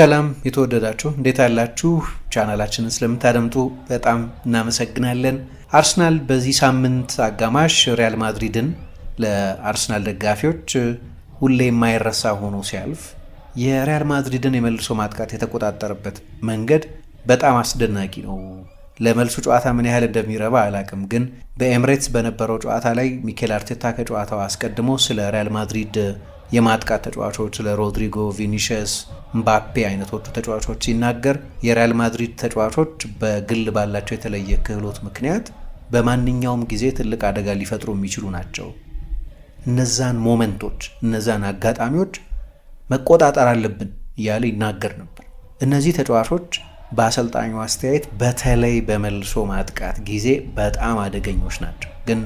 ሰላም የተወደዳችሁ እንዴት አላችሁ ቻናላችንን ስለምታደምጡ በጣም እናመሰግናለን። አርሰናል በዚህ ሳምንት አጋማሽ ሪያል ማድሪድን ለአርሰናል ደጋፊዎች ሁሌ የማይረሳ ሆኖ ሲያልፍ የሪያል ማድሪድን የመልሶ ማጥቃት የተቆጣጠረበት መንገድ በጣም አስደናቂ ነው። ለመልሱ ጨዋታ ምን ያህል እንደሚረባ አላቅም፣ ግን በኤምሬትስ በነበረው ጨዋታ ላይ ሚኬል አርቴታ ከጨዋታው አስቀድሞ ስለ ሪያል ማድሪድ የማጥቃት ተጫዋቾች ስለ ሮድሪጎ፣ ቪኒሽስ፣ ምባፔ አይነቶቹ ተጫዋቾች ሲናገር የሪያል ማድሪድ ተጫዋቾች በግል ባላቸው የተለየ ክህሎት ምክንያት በማንኛውም ጊዜ ትልቅ አደጋ ሊፈጥሩ የሚችሉ ናቸው። እነዛን ሞመንቶች፣ እነዛን አጋጣሚዎች መቆጣጠር አለብን እያለ ይናገር ነበር። እነዚህ ተጫዋቾች በአሰልጣኙ አስተያየት በተለይ በመልሶ ማጥቃት ጊዜ በጣም አደገኞች ናቸው። ግን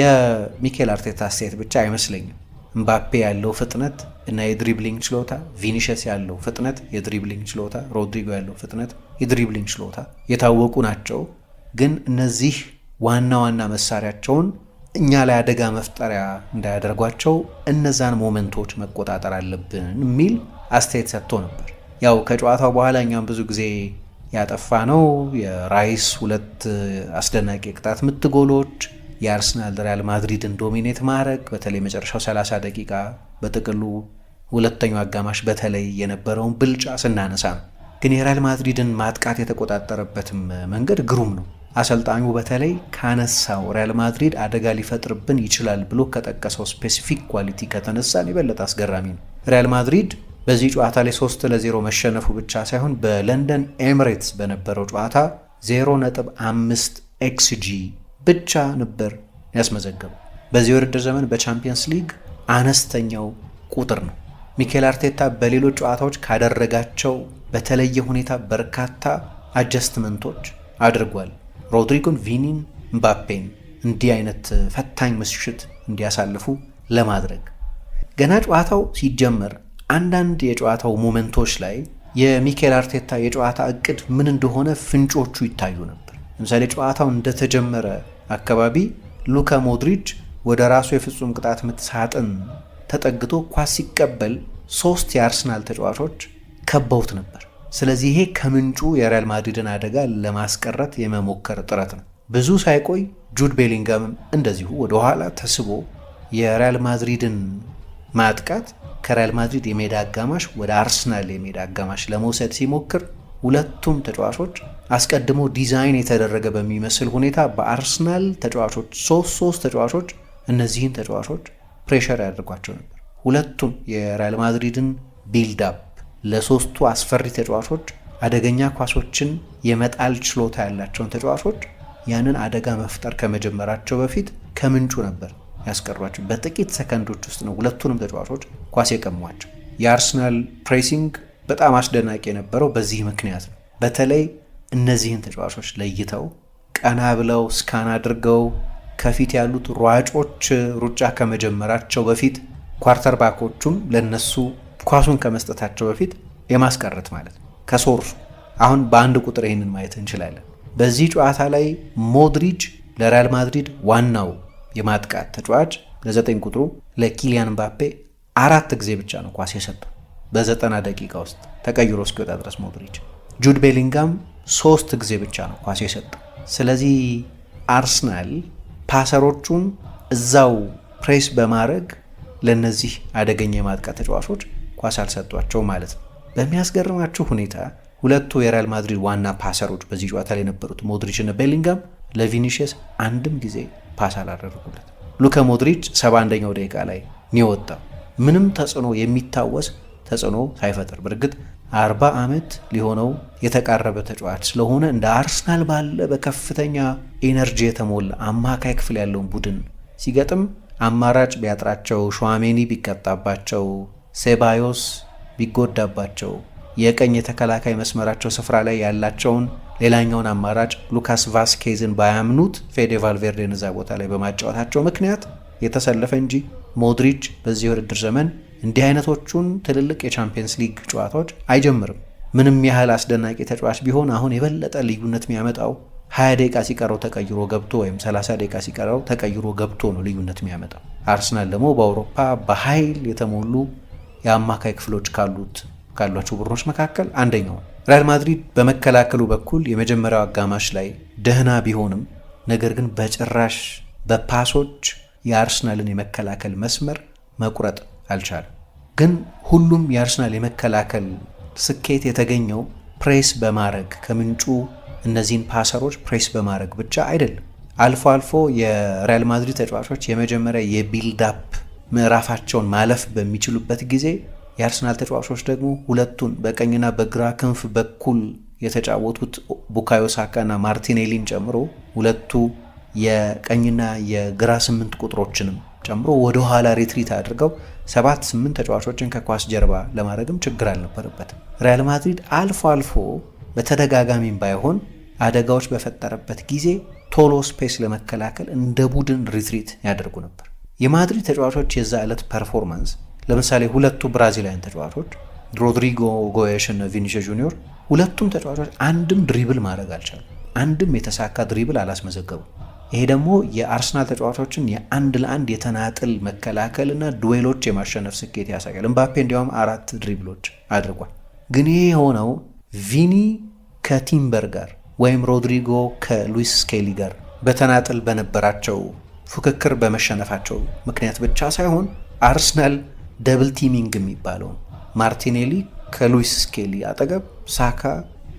የሚኬል አርቴታ አስተያየት ብቻ አይመስለኝም። እምባፔ ያለው ፍጥነት እና የድሪብሊንግ ችሎታ፣ ቪኒሸስ ያለው ፍጥነት፣ የድሪብሊንግ ችሎታ፣ ሮድሪጎ ያለው ፍጥነት፣ የድሪብሊንግ ችሎታ የታወቁ ናቸው። ግን እነዚህ ዋና ዋና መሳሪያቸውን እኛ ላይ አደጋ መፍጠሪያ እንዳያደርጓቸው እነዛን ሞመንቶች መቆጣጠር አለብን የሚል አስተያየት ሰጥቶ ነበር። ያው ከጨዋታው በኋላ እኛም ብዙ ጊዜ ያጠፋ ነው የራይስ ሁለት አስደናቂ ቅጣት ምት ጎሎች የአርሰናል ሪያል ማድሪድን ዶሚኔት ማድረግ በተለይ መጨረሻው 30 ደቂቃ በጥቅሉ ሁለተኛው አጋማሽ በተለይ የነበረውን ብልጫ ስናነሳ ነው። ግን የሪያል ማድሪድን ማጥቃት የተቆጣጠረበትም መንገድ ግሩም ነው። አሰልጣኙ በተለይ ካነሳው ሪያል ማድሪድ አደጋ ሊፈጥርብን ይችላል ብሎ ከጠቀሰው ስፔሲፊክ ኳሊቲ ከተነሳን የበለጠ አስገራሚ ነው። ሪያል ማድሪድ በዚህ ጨዋታ ላይ 3 ለ0 መሸነፉ ብቻ ሳይሆን በለንደን ኤሚሬትስ በነበረው ጨዋታ 0.5 ኤክስጂ ብቻ ነበር ያስመዘገበው። በዚህ ውድድር ዘመን በቻምፒየንስ ሊግ አነስተኛው ቁጥር ነው። ሚኬል አርቴታ በሌሎች ጨዋታዎች ካደረጋቸው በተለየ ሁኔታ በርካታ አጀስትመንቶች አድርጓል። ሮድሪጎን፣ ቪኒን፣ ምባፔን እንዲህ አይነት ፈታኝ ምሽት እንዲያሳልፉ ለማድረግ ገና ጨዋታው ሲጀመር አንዳንድ የጨዋታው ሞመንቶች ላይ የሚኬል አርቴታ የጨዋታ እቅድ ምን እንደሆነ ፍንጮቹ ይታዩ ነበር። ለምሳሌ ጨዋታው እንደተጀመረ አካባቢ ሉካ ሞድሪች ወደ ራሱ የፍጹም ቅጣት ምት ሳጥን ተጠግቶ ኳስ ሲቀበል ሶስት የአርሰናል ተጫዋቾች ከበውት ነበር። ስለዚህ ይሄ ከምንጩ የሪያል ማድሪድን አደጋ ለማስቀረት የመሞከር ጥረት ነው። ብዙ ሳይቆይ ጁድ ቤሊንጋምም እንደዚሁ ወደኋላ ተስቦ የሪያል ማድሪድን ማጥቃት ከሪያል ማድሪድ የሜዳ አጋማሽ ወደ አርሰናል የሜዳ አጋማሽ ለመውሰድ ሲሞክር ሁለቱም ተጫዋቾች አስቀድሞ ዲዛይን የተደረገ በሚመስል ሁኔታ በአርሰናል ተጫዋቾች ሶስት ሶስት ተጫዋቾች እነዚህን ተጫዋቾች ፕሬሸር ያደርጓቸው ነበር። ሁለቱም የሪያል ማድሪድን ቢልድ ለሶስቱ አስፈሪ ተጫዋቾች አደገኛ ኳሶችን የመጣል ችሎታ ያላቸውን ተጫዋቾች ያንን አደጋ መፍጠር ከመጀመራቸው በፊት ከምንጩ ነበር ያስቀሯቸው። በጥቂት ሰከንዶች ውስጥ ነው ሁለቱንም ተጫዋቾች ኳስ የቀሟቸው። የአርሰናል ፕሬሲንግ በጣም አስደናቂ የነበረው በዚህ ምክንያት ነው። በተለይ እነዚህን ተጫዋቾች ለይተው ቀና ብለው ስካን አድርገው ከፊት ያሉት ሯጮች ሩጫ ከመጀመራቸው በፊት ኳርተር ባኮቹም ለነሱ ኳሱን ከመስጠታቸው በፊት የማስቀረት ማለት ነው ከሶርሱ አሁን በአንድ ቁጥር ይህንን ማየት እንችላለን። በዚህ ጨዋታ ላይ ሞድሪጅ ለሪያል ማድሪድ ዋናው የማጥቃት ተጫዋች ለዘጠኝ ቁጥሩ ለኪሊያን ምባፔ አራት ጊዜ ብቻ ነው ኳስ የሰጠው። በዘጠና ደቂቃ ውስጥ ተቀይሮ እስኪወጣ ድረስ ሞድሪች። ጁድ ቤሊንጋም ሶስት ጊዜ ብቻ ነው ኳስ የሰጠው። ስለዚህ አርሰናል ፓሰሮቹን እዛው ፕሬስ በማድረግ ለነዚህ አደገኛ የማጥቃት ተጫዋቾች ኳስ አልሰጧቸው ማለት ነው። በሚያስገርማችሁ ሁኔታ ሁለቱ የሪያል ማድሪድ ዋና ፓሰሮች በዚህ ጨዋታ ላይ የነበሩት ሞድሪች እና ቤሊንጋም ለቪኒሽየስ አንድም ጊዜ ፓስ አላደረጉለት። ሉከ ሞድሪች 71ኛው ደቂቃ ላይ ነው የወጣው። ምንም ተጽዕኖ የሚታወስ ተጽዕኖ ሳይፈጥር በእርግጥ አርባ ዓመት ሊሆነው የተቃረበ ተጫዋች ስለሆነ እንደ አርሰናል ባለ በከፍተኛ ኤነርጂ የተሞላ አማካይ ክፍል ያለውን ቡድን ሲገጥም አማራጭ ቢያጥራቸው፣ ሸዋሜኒ ቢቀጣባቸው፣ ሴባዮስ ቢጎዳባቸው የቀኝ የተከላካይ መስመራቸው ስፍራ ላይ ያላቸውን ሌላኛውን አማራጭ ሉካስ ቫስኬዝን ባያምኑት ፌዴ ቫልቬርዴን እዛ ቦታ ላይ በማጫወታቸው ምክንያት የተሰለፈ እንጂ ሞድሪች በዚህ ውድድር ዘመን እንዲህ አይነቶቹን ትልልቅ የቻምፒየንስ ሊግ ጨዋታዎች አይጀምርም። ምንም ያህል አስደናቂ ተጫዋች ቢሆን አሁን የበለጠ ልዩነት የሚያመጣው 20 ደቂቃ ሲቀረው ተቀይሮ ገብቶ ወይም 30 ደቂቃ ሲቀረው ተቀይሮ ገብቶ ነው ልዩነት የሚያመጣው። አርሰናል ደግሞ በአውሮፓ በኃይል የተሞሉ የአማካይ ክፍሎች ካሉት ካሏቸው ቡድኖች መካከል አንደኛው። ሪያል ማድሪድ በመከላከሉ በኩል የመጀመሪያው አጋማሽ ላይ ደህና ቢሆንም ነገር ግን በጭራሽ በፓሶች የአርሰናልን የመከላከል መስመር መቁረጥ አልቻለም። ግን ሁሉም የአርሰናል የመከላከል ስኬት የተገኘው ፕሬስ በማድረግ ከምንጩ እነዚህን ፓሰሮች ፕሬስ በማድረግ ብቻ አይደለም። አልፎ አልፎ የሪያል ማድሪድ ተጫዋቾች የመጀመሪያ የቢልዳፕ ምዕራፋቸውን ማለፍ በሚችሉበት ጊዜ የአርሰናል ተጫዋቾች ደግሞ ሁለቱን በቀኝና በግራ ክንፍ በኩል የተጫወቱት ቡካዮ ሳካና ማርቲኔሊን ጨምሮ ሁለቱ የቀኝና የግራ ስምንት ቁጥሮችንም ጨምሮ ወደ ኋላ ሪትሪት አድርገው ሰባት ስምንት ተጫዋቾችን ከኳስ ጀርባ ለማድረግም ችግር አልነበረበትም። ሪያል ማድሪድ አልፎ አልፎ በተደጋጋሚም ባይሆን አደጋዎች በፈጠረበት ጊዜ ቶሎ ስፔስ ለመከላከል እንደ ቡድን ሪትሪት ያደርጉ ነበር። የማድሪድ ተጫዋቾች የዛ ዕለት ፐርፎርማንስ ለምሳሌ ሁለቱ ብራዚላውያን ተጫዋቾች ሮድሪጎ ጎየሽ እና ቪኒሽ ጁኒዮር ሁለቱም ተጫዋቾች አንድም ድሪብል ማድረግ አልቻሉ። አንድም የተሳካ ድሪብል አላስመዘገቡም። ይሄ ደግሞ የአርሰናል ተጫዋቾችን የአንድ ለአንድ የተናጥል እና ዱዌሎች የማሸነፍ ስኬት ያሳያል። እምባፔ እንዲያውም አራት ድሪብሎች አድርጓል። ግን ይሄ የሆነው ቪኒ ከቲምበር ጋር ወይም ሮድሪጎ ከሉዊስ ስኬሊ ጋር በተናጥል በነበራቸው ፉክክር በመሸነፋቸው ምክንያት ብቻ ሳይሆን አርሰናል ደብል ቲሚንግ የሚባለው ማርቲኔሊ ከሉዊስ ስኬሊ አጠገብ፣ ሳካ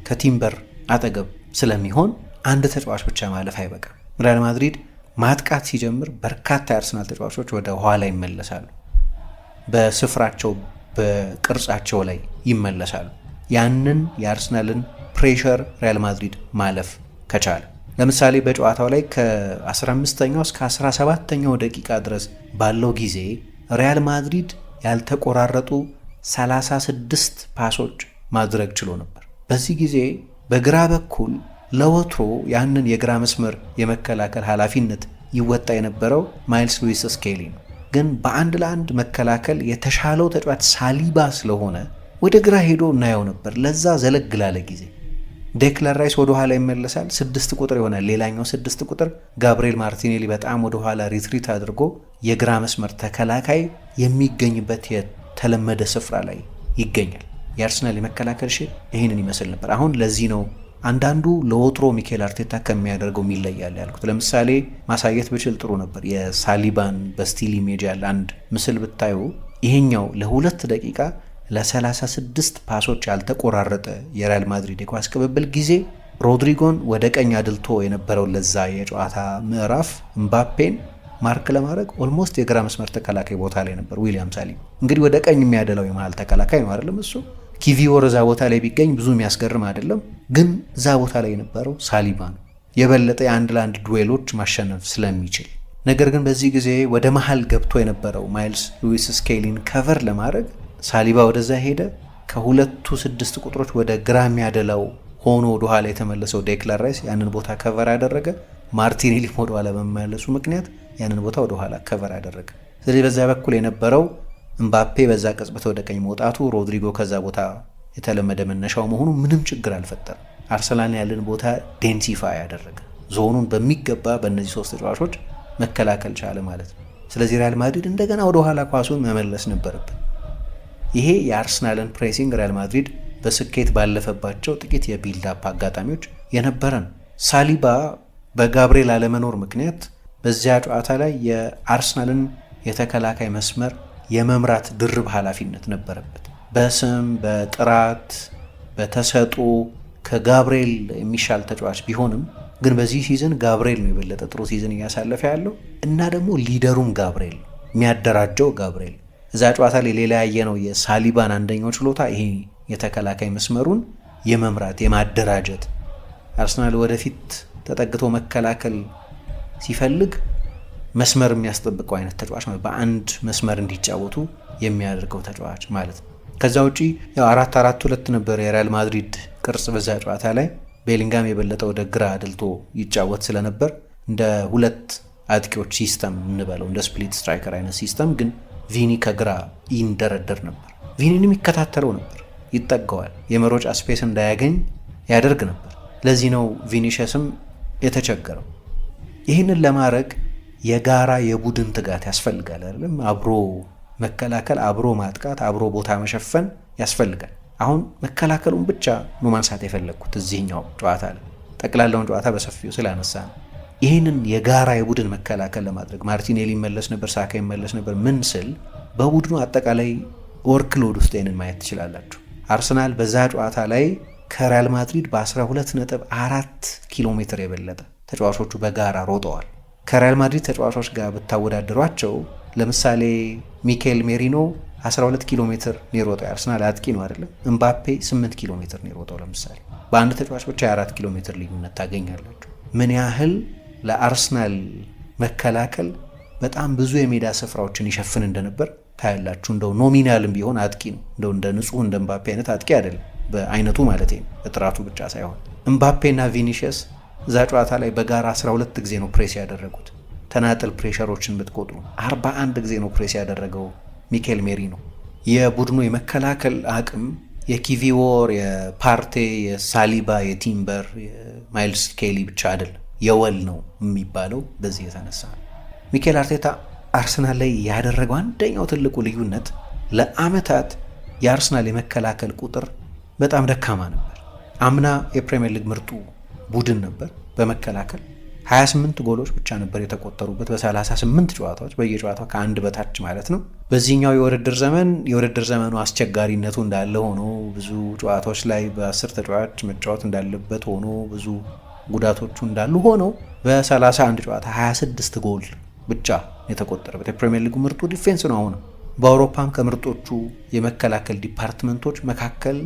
ከቲምበር አጠገብ ስለሚሆን አንድ ተጫዋች ብቻ ማለፍ አይበቃም። ሪያል ማድሪድ ማጥቃት ሲጀምር በርካታ የአርሰናል ተጫዋቾች ወደ ኋላ ይመለሳሉ፣ በስፍራቸው በቅርጻቸው ላይ ይመለሳሉ። ያንን የአርሰናልን ፕሬሸር ሪያል ማድሪድ ማለፍ ከቻለ ለምሳሌ በጨዋታው ላይ ከ15ኛው እስከ 17ኛው ደቂቃ ድረስ ባለው ጊዜ ሪያል ማድሪድ ያልተቆራረጡ 36 ፓሶች ማድረግ ችሎ ነበር። በዚህ ጊዜ በግራ በኩል ለወትሮ ያንን የግራ መስመር የመከላከል ኃላፊነት ይወጣ የነበረው ማይልስ ሉዊስ ስኬሊ ነው። ግን በአንድ ለአንድ መከላከል የተሻለው ተጫዋች ሳሊባ ስለሆነ ወደ ግራ ሄዶ እናየው ነበር። ለዛ ዘለግ ላለ ጊዜ ዴክላን ራይስ ወደ ኋላ ይመለሳል፣ ስድስት ቁጥር ይሆናል። ሌላኛው ስድስት ቁጥር ጋብርኤል ማርቲኔሊ በጣም ወደ ኋላ ሪትሪት አድርጎ የግራ መስመር ተከላካይ የሚገኝበት የተለመደ ስፍራ ላይ ይገኛል። የአርሰናል የመከላከል ሼ ይህንን ይመስል ነበር። አሁን ለዚህ ነው አንዳንዱ ለወትሮ ሚካኤል አርቴታ ከሚያደርገው ይለያል ያልኩት ለምሳሌ ማሳየት ብችል ጥሩ ነበር። የሳሊባን በስቲል ኢሜጅ ያለ አንድ ምስል ብታዩ ይሄኛው ለሁለት ደቂቃ ለ36 ፓሶች ያልተቆራረጠ የሪያል ማድሪድ የኳስ ቅብብል ጊዜ ሮድሪጎን ወደ ቀኝ አድልቶ የነበረው ለዛ የጨዋታ ምዕራፍ እምባፔን ማርክ ለማድረግ ኦልሞስት የግራ መስመር ተከላካይ ቦታ ላይ ነበር ዊሊያም ሳሊባ። እንግዲህ ወደ ቀኝ የሚያደለው የመሃል ተከላካይ ነው አይደለም እሱ ኪቪዮር እዛ ቦታ ላይ ቢገኝ ብዙ የሚያስገርም አይደለም፣ ግን እዛ ቦታ ላይ የነበረው ሳሊባ ነው የበለጠ የአንድ ለአንድ ዱዌሎች ማሸነፍ ስለሚችል። ነገር ግን በዚህ ጊዜ ወደ መሀል ገብቶ የነበረው ማይልስ ሉዊስ ስኬሊን ከቨር ለማድረግ ሳሊባ ወደዛ ሄደ። ከሁለቱ ስድስት ቁጥሮች ወደ ግራ የሚያደላው ሆኖ ወደኋላ የተመለሰው ዴክላን ራይስ ያንን ቦታ ከቨር አደረገ። ማርቲኔሊም ወደኋላ በመመለሱ ምክንያት ያንን ቦታ ወደኋላ ከቨር አደረገ። ስለዚህ በዚያ በኩል የነበረው እምባፔ በዛ ቅጽበት ወደ ቀኝ መውጣቱ፣ ሮድሪጎ ከዛ ቦታ የተለመደ መነሻው መሆኑ ምንም ችግር አልፈጠርም። አርሰናል ያለን ቦታ ዴንሲፋይ ያደረገ ዞኑን በሚገባ በእነዚህ ሶስት ተጫዋቾች መከላከል ቻለ ማለት ነው። ስለዚህ ሪያል ማድሪድ እንደገና ወደ ኋላ ኳሱን መመለስ ነበረብን። ይሄ የአርሰናልን ፕሬሲንግ ሪያል ማድሪድ በስኬት ባለፈባቸው ጥቂት የቢልዳፕ አጋጣሚዎች የነበረ ነው። ሳሊባ በጋብርኤል አለመኖር ምክንያት በዚያ ጨዋታ ላይ የአርሰናልን የተከላካይ መስመር የመምራት ድርብ ኃላፊነት ነበረበት። በስም በጥራት በተሰጦ ከጋብርኤል የሚሻል ተጫዋች ቢሆንም ግን በዚህ ሲዝን ጋብርኤል ነው የበለጠ ጥሩ ሲዝን እያሳለፈ ያለው እና ደግሞ ሊደሩም ጋብርኤል የሚያደራጀው ጋብርኤል እዛ ጨዋታ ላይ ሌላ ያየ ነው የሳሊባን አንደኛው ችሎታ ይሄ የተከላካይ መስመሩን የመምራት የማደራጀት አርሰናል ወደፊት ተጠግቶ መከላከል ሲፈልግ መስመር የሚያስጠብቀው አይነት ተጫዋች ማለት በአንድ መስመር እንዲጫወቱ የሚያደርገው ተጫዋች ማለት ነው። ከዛ ውጪ አራት አራት ሁለት ነበር የሪያል ማድሪድ ቅርጽ በዛ ጨዋታ ላይ ቤሊንጋም የበለጠ ወደ ግራ አድልቶ ይጫወት ስለነበር እንደ ሁለት አጥቂዎች ሲስተም እንበለው እንደ ስፕሊት ስትራይከር አይነት ሲስተም ግን ቪኒ ከግራ ይንደረደር ነበር። ቪኒንም ይከታተለው ነበር፣ ይጠጋዋል፣ የመሮጫ ስፔስ እንዳያገኝ ያደርግ ነበር። ለዚህ ነው ቪኒሸስም የተቸገረው። ይህንን ለማድረግ የጋራ የቡድን ትጋት ያስፈልጋል አይደለም? አብሮ መከላከል፣ አብሮ ማጥቃት፣ አብሮ ቦታ መሸፈን ያስፈልጋል። አሁን መከላከሉን ብቻ ነው ማንሳት የፈለግኩት እዚህኛው ጨዋታ ላይ ጠቅላላውን ጨዋታ በሰፊው ስላነሳ ነው። ይህንን የጋራ የቡድን መከላከል ለማድረግ ማርቲኔሊ ይመለስ ነበር፣ ሳካ ይመለስ ነበር። ምን ስል በቡድኑ አጠቃላይ ወርክሎድ ውስጥ ይህንን ማየት ትችላላችሁ። አርሰናል በዛ ጨዋታ ላይ ከሪያል ማድሪድ በ12 ነጥብ ኪሎ ሜትር የበለጠ ተጫዋቾቹ በጋራ ሮጠዋል። ከሪያል ማድሪድ ተጫዋቾች ጋር ብታወዳደሯቸው ለምሳሌ ሚካኤል ሜሪኖ 12 ኪሎ ሜትር ነው የሮጠው። የአርሰናል አጥቂ ነው አይደለም። እምባፔ 8 ኪሎ ሜትር ነው የሮጠው። ለምሳሌ በአንድ ተጫዋች ብቻ የ4 ኪሎ ሜትር ልዩነት ታገኛላችሁ። ምን ያህል ለአርሰናል መከላከል በጣም ብዙ የሜዳ ስፍራዎችን ይሸፍን እንደነበር ታያላችሁ። እንደው ኖሚናልም ቢሆን አጥቂ ነው። እንደው እንደ ንጹህ እንደ እምባፔ አይነት አጥቂ አይደለም፣ በአይነቱ ማለት ነው፣ እጥራቱ ብቻ ሳይሆን እምባፔና ቪኒሽስ እዛ ጨዋታ ላይ በጋራ 12 ጊዜ ነው ፕሬስ ያደረጉት። ተናጥል ፕሬሸሮችን ብትቆጥሩ 41 ጊዜ ነው ፕሬስ ያደረገው ሚኬል ሜሪ ነው። የቡድኑ የመከላከል አቅም የኪቪዎር፣ የፓርቴ፣ የሳሊባ፣ የቲምበር፣ የማይልስ ኬሊ ብቻ አይደለም የወል ነው የሚባለው በዚህ የተነሳ ሚካኤል ሚኬል አርቴታ አርሰናል ላይ ያደረገው አንደኛው ትልቁ ልዩነት ለአመታት የአርሰናል የመከላከል ቁጥር በጣም ደካማ ነበር። አምና የፕሪምየር ሊግ ምርጡ ቡድን ነበር። በመከላከል 28 ጎሎች ብቻ ነበር የተቆጠሩበት በ38 ጨዋታዎች፣ በየጨዋታው ከአንድ በታች ማለት ነው። በዚህኛው የውድድር ዘመን የውድድር ዘመኑ አስቸጋሪነቱ እንዳለ ሆኖ ብዙ ጨዋታዎች ላይ በ10 ተጫዋች መጫወት እንዳለበት ሆኖ ብዙ ጉዳቶቹ እንዳሉ ሆኖ በ31 ጨዋታ 26 ጎል ብቻ የተቆጠረበት የፕሪሚየር ሊጉ ምርጡ ዲፌንስ ነው። አሁንም በአውሮፓም ከምርጦቹ የመከላከል ዲፓርትመንቶች መካከል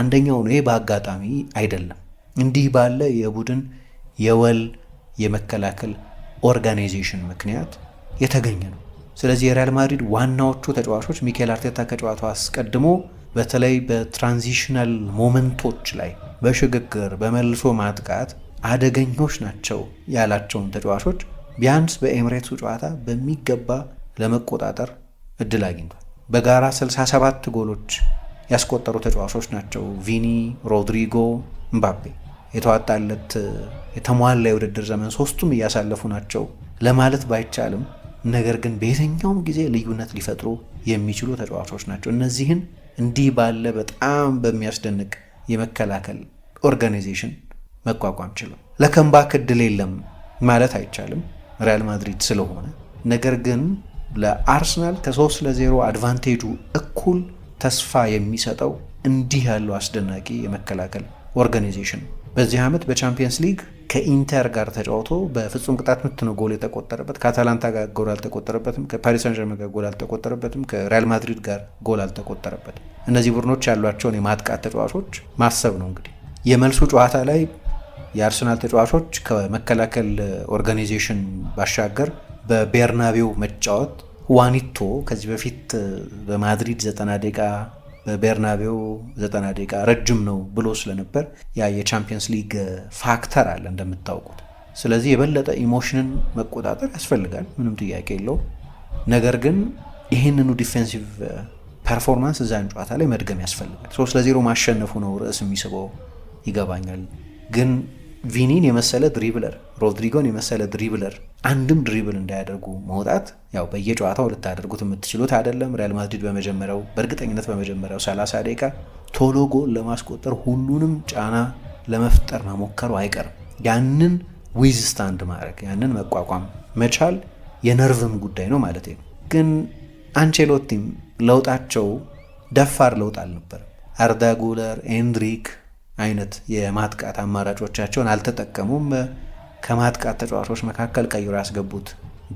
አንደኛው ነው። ይሄ በአጋጣሚ አይደለም። እንዲህ ባለ የቡድን የወል የመከላከል ኦርጋናይዜሽን ምክንያት የተገኘ ነው። ስለዚህ የሪያል ማድሪድ ዋናዎቹ ተጫዋቾች ሚኬል አርቴታ ከጨዋታው አስቀድሞ በተለይ በትራንዚሽናል ሞመንቶች ላይ በሽግግር በመልሶ ማጥቃት አደገኞች ናቸው ያላቸውን ተጫዋቾች ቢያንስ በኤምሬትሱ ጨዋታ በሚገባ ለመቆጣጠር እድል አግኝቷል። በጋራ 67 ጎሎች ያስቆጠሩ ተጫዋቾች ናቸው ቪኒ፣ ሮድሪጎ፣ እምባፔ የተዋጣለት የተሟላ የውድድር ዘመን ሶስቱም እያሳለፉ ናቸው ለማለት ባይቻልም ነገር ግን በየትኛውም ጊዜ ልዩነት ሊፈጥሩ የሚችሉ ተጫዋቾች ናቸው። እነዚህን እንዲህ ባለ በጣም በሚያስደንቅ የመከላከል ኦርጋናይዜሽን መቋቋም ችለው ለከምባክ እድል የለም ማለት አይቻልም ሪያል ማድሪድ ስለሆነ። ነገር ግን ለአርሰናል ከ3 ለ0 አድቫንቴጁ እኩል ተስፋ የሚሰጠው እንዲህ ያለው አስደናቂ የመከላከል ኦርጋናይዜሽን በዚህ ዓመት በቻምፒየንስ ሊግ ከኢንተር ጋር ተጫውቶ በፍጹም ቅጣት ምት ነው ጎል የተቆጠረበት። ከአታላንታ ጋር ጎል አልተቆጠረበትም። ከፓሪስ ሳን ዠርመን ጋር ጎል አልተቆጠረበትም። ከሪያል ማድሪድ ጋር ጎል አልተቆጠረበትም። እነዚህ ቡድኖች ያሏቸውን የማጥቃት ተጫዋቾች ማሰብ ነው እንግዲህ። የመልሱ ጨዋታ ላይ የአርሰናል ተጫዋቾች ከመከላከል ኦርጋናይዜሽን ባሻገር በቤርናቤው መጫወት ዋኒቶ ከዚህ በፊት በማድሪድ 90 ደቂቃ በቤርናቤው ዘጠና ደቂቃ ረጅም ነው ብሎ ስለነበር ያ የቻምፒየንስ ሊግ ፋክተር አለ እንደምታውቁት። ስለዚህ የበለጠ ኢሞሽንን መቆጣጠር ያስፈልጋል፣ ምንም ጥያቄ የለው። ነገር ግን ይህንኑ ዲፌንሲቭ ፐርፎርማንስ እዛን ጨዋታ ላይ መድገም ያስፈልጋል። ሶስት ለዜሮ ማሸነፉ ነው ርዕስ የሚስበው ይገባኛል ግን ቪኒን የመሰለ ድሪብለር፣ ሮድሪጎን የመሰለ ድሪብለር አንድም ድሪብል እንዳያደርጉ መውጣት ያው በየጨዋታው ልታደርጉት የምትችሉት አይደለም። ሪያል ማድሪድ በመጀመሪያው በእርግጠኝነት በመጀመሪያው 30 ደቂቃ ቶሎ ጎል ለማስቆጠር ሁሉንም ጫና ለመፍጠር መሞከሩ አይቀርም። ያንን ዊዝ ስታንድ ማድረግ ያንን መቋቋም መቻል የነርቭም ጉዳይ ነው ማለት ነው። ግን አንቼሎቲም ለውጣቸው ደፋር ለውጥ አልነበርም። አርዳ ጉለር፣ ኤንድሪክ አይነት የማጥቃት አማራጮቻቸውን አልተጠቀሙም። ከማጥቃት ተጫዋቾች መካከል ቀይሮ ያስገቡት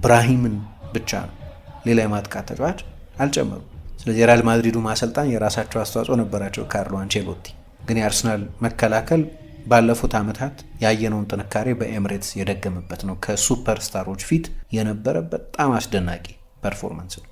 ብራሂምን ብቻ ነው። ሌላ የማጥቃት ተጫዋች አልጨመሩም። ስለዚህ የሪያል ማድሪዱ ማሰልጣን የራሳቸው አስተዋጽኦ ነበራቸው። ካርሎ አንቼሎቲ ግን የአርሰናል መከላከል ባለፉት ዓመታት ያየነውን ጥንካሬ በኤምሬትስ የደገመበት ነው። ከሱፐርስታሮች ፊት የነበረ በጣም አስደናቂ ፐርፎርማንስ ነው።